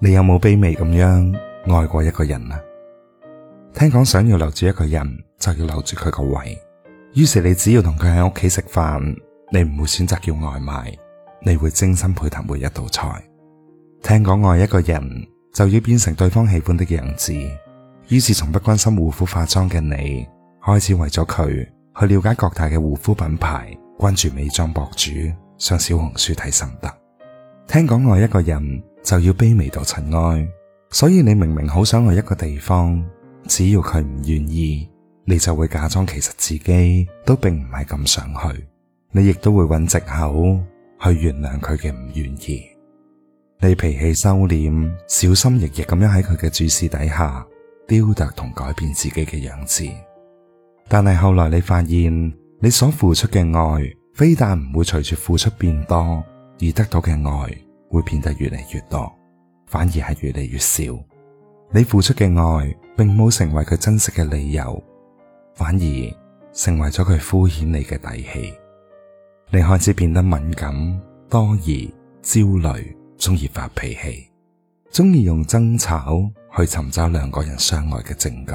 你有冇卑微咁樣愛過一個人啊？聽講想要留住一個人，就要留住佢個胃，於是你只要同佢喺屋企食飯，你唔會選擇叫外賣，你會精心配搭每一道菜。聽講愛一個人就要變成對方喜歡的樣子，於是從不關心護膚化妝嘅你，開始為咗佢去了解各大嘅護膚品牌，關注美妝博主，上小紅書睇心得。聽講愛一個人。就要卑微到塵埃，所以你明明好想去一個地方，只要佢唔願意，你就會假裝其實自己都並唔係咁想去，你亦都會揾藉口去原諒佢嘅唔願意，你脾氣收斂，小心翼翼咁樣喺佢嘅注視底下雕琢同改變自己嘅樣子，但係後來你發現，你所付出嘅愛，非但唔會隨住付出變多，而得到嘅愛。會變得越嚟越多，反而係越嚟越少。你付出嘅愛並冇成為佢真實嘅理由，反而成為咗佢敷衍你嘅底氣。你開始變得敏感、多疑、焦慮，中意發脾氣，中意用爭吵去尋找兩個人相愛嘅證據。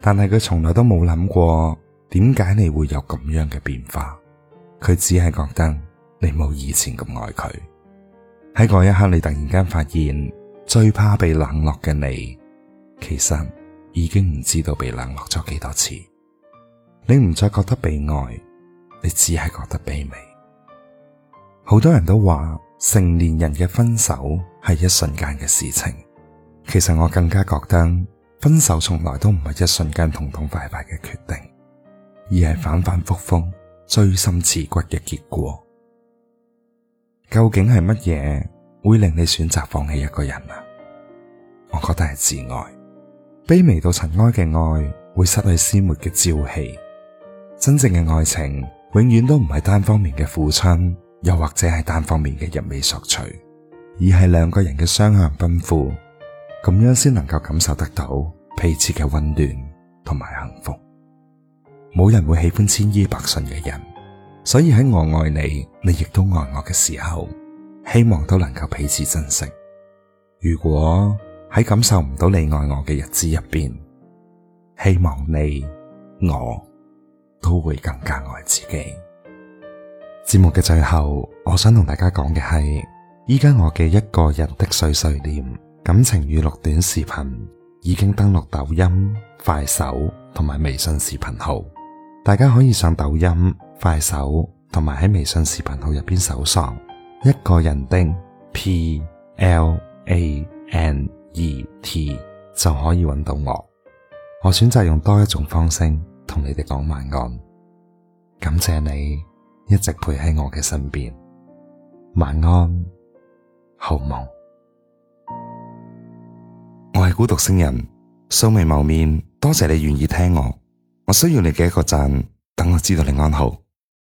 但係佢從來都冇諗過，點解你會有咁樣嘅變化？佢只係覺得你冇以前咁愛佢。喺嗰一刻，你突然間發現最怕被冷落嘅你，其實已經唔知道被冷落咗幾多次。你唔再覺得被愛，你只係覺得卑微。好多人都話成年人嘅分手係一瞬間嘅事情，其實我更加覺得分手從來都唔係一瞬間痛痛快快嘅決定，而係反反復復、錐心刺骨嘅結果。究竟係乜嘢會令你選擇放棄一個人啊？我覺得係自愛，卑微到塵埃嘅愛會失去鮮活嘅朝氣。真正嘅愛情永遠都唔係單方面嘅付出，又或者係單方面嘅一味索取，而係兩個人嘅雙向奔赴，咁樣先能夠感受得到彼此嘅溫暖同埋幸福。冇人會喜歡千依百順嘅人。所以喺我愛你，你亦都愛我嘅時候，希望都能夠彼此珍惜。如果喺感受唔到你愛我嘅日子入邊，希望你我都會更加愛自己。節目嘅最後，我想同大家講嘅係，依家我嘅一個人的碎碎念感情語錄短視頻已經登錄抖音、快手同埋微信視頻號，大家可以上抖音。快手同埋喺微信視頻號入邊搜索一個人的 P L A N E T 就可以揾到我。我選擇用多一種方式同你哋講晚安。感謝你一直陪喺我嘅身邊。晚安，好夢。我係孤獨星人，素未謀面，多謝你願意聽我。我需要你嘅一個讚，等我知道你安好。